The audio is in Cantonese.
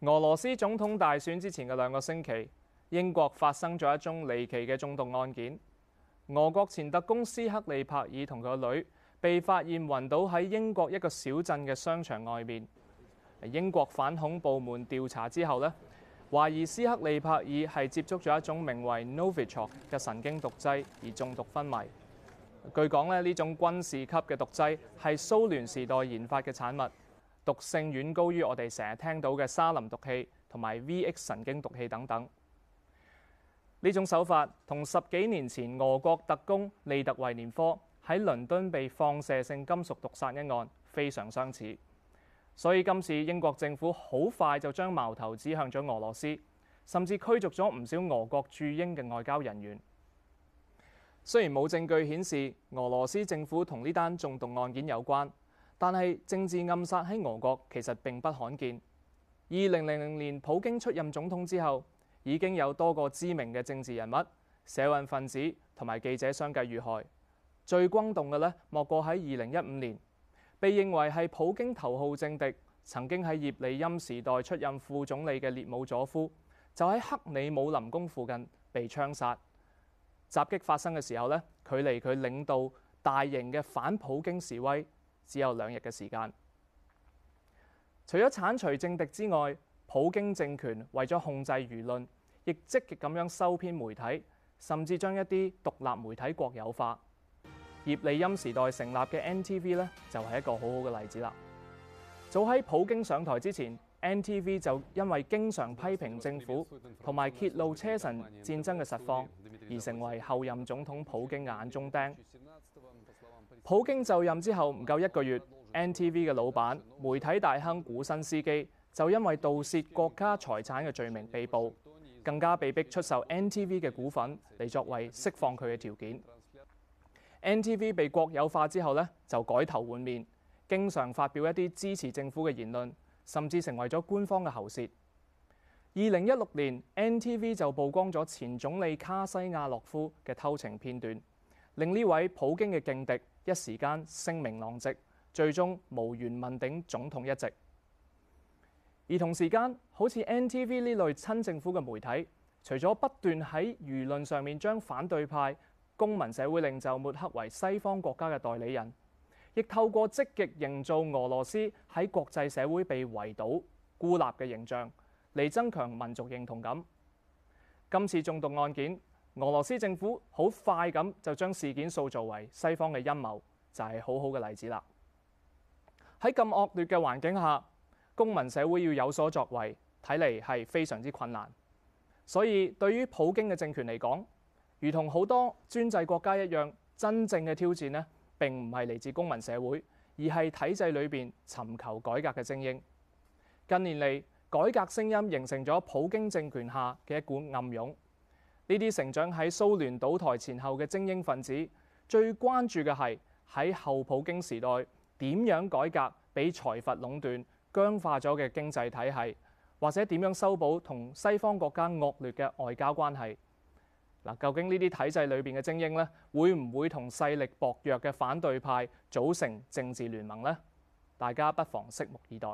俄羅斯總統大選之前嘅兩個星期，英國發生咗一宗離奇嘅中毒案件。俄國前特工斯克利帕爾同佢女被發現暈倒喺英國一個小鎮嘅商場外面。英國反恐部門調查之後呢，懷疑斯克利帕爾係接觸咗一種名為 Novichok 嘅神經毒劑而中毒昏迷。據講咧，呢種軍事級嘅毒劑係蘇聯時代研發嘅產物。毒性遠高於我哋成日聽到嘅沙林毒氣同埋 VX 神經毒氣等等。呢種手法同十幾年前俄國特工利特維年科喺倫敦被放射性金屬毒殺一案非常相似，所以今次英國政府好快就將矛頭指向咗俄羅斯，甚至驅逐咗唔少俄國駐英嘅外交人員。雖然冇證據顯示俄羅斯政府同呢單中毒案件有關。但係政治暗殺喺俄國其實並不罕見。二零零零年普京出任總統之後，已經有多個知名嘅政治人物、社運分子同埋記者相繼遇害。最轟動嘅呢，莫過喺二零一五年，被認為係普京頭號政敵，曾經喺葉利欽時代出任副總理嘅列姆佐夫，就喺克里姆林宮附近被槍殺。襲擊發生嘅時候呢，距離佢領導大型嘅反普京示威，只有兩日嘅時間。除咗剷除政敵之外，普京政權為咗控制輿論，亦積極咁樣收編媒體，甚至將一啲獨立媒體國有化。 葉利欽時代成立嘅 NTV 呢，就係一個好好嘅例子啦。 早喺普京上台之前，NTV 就因為經常批評政府同埋揭露車臣戰爭嘅實況，而成為後任總統普京眼中釘。普京就任之後唔夠一個月，NTV 嘅老闆、媒體大亨古新斯基就因為盜竊國家財產嘅罪名被捕，更加被逼出售 NTV 嘅股份嚟作為釋放佢嘅條件。NTV 被國有化之後呢，就改頭換面，經常發表一啲支持政府嘅言論，甚至成為咗官方嘅喉舌。二零一六年，NTV 就曝光咗前總理卡西亞洛夫嘅偷情片段。令呢位普京嘅勁敵一時間聲名狼藉，最終無緣問鼎總統一席。而同時間，好似 NTV 呢類親政府嘅媒體，除咗不斷喺輿論上面將反對派、公民社會領袖抹黑為西方國家嘅代理人，亦透過積極營造俄羅斯喺國際社會被圍堵、孤立嘅形象，嚟增強民族認同感。今次中毒案件，俄羅斯政府好快咁就將事件塑造為西方嘅陰謀，就係好好嘅例子啦。喺咁惡劣嘅環境下，公民社會要有所作為，睇嚟係非常之困難。所以對於普京嘅政權嚟講，如同好多專制國家一樣，真正嘅挑戰呢並唔係嚟自公民社會，而係體制裏邊尋求改革嘅精英。近年嚟，改革聲音形成咗普京政權下嘅一股暗湧。呢啲成長喺蘇聯倒台前後嘅精英分子，最關注嘅係喺後普京時代點樣改革畀財閥壟斷僵化咗嘅經濟體系，或者點樣修補同西方國家惡劣嘅外交關係。嗱，究竟呢啲體制裏邊嘅精英呢，會唔會同勢力薄弱嘅反對派組成政治聯盟呢？大家不妨拭目以待。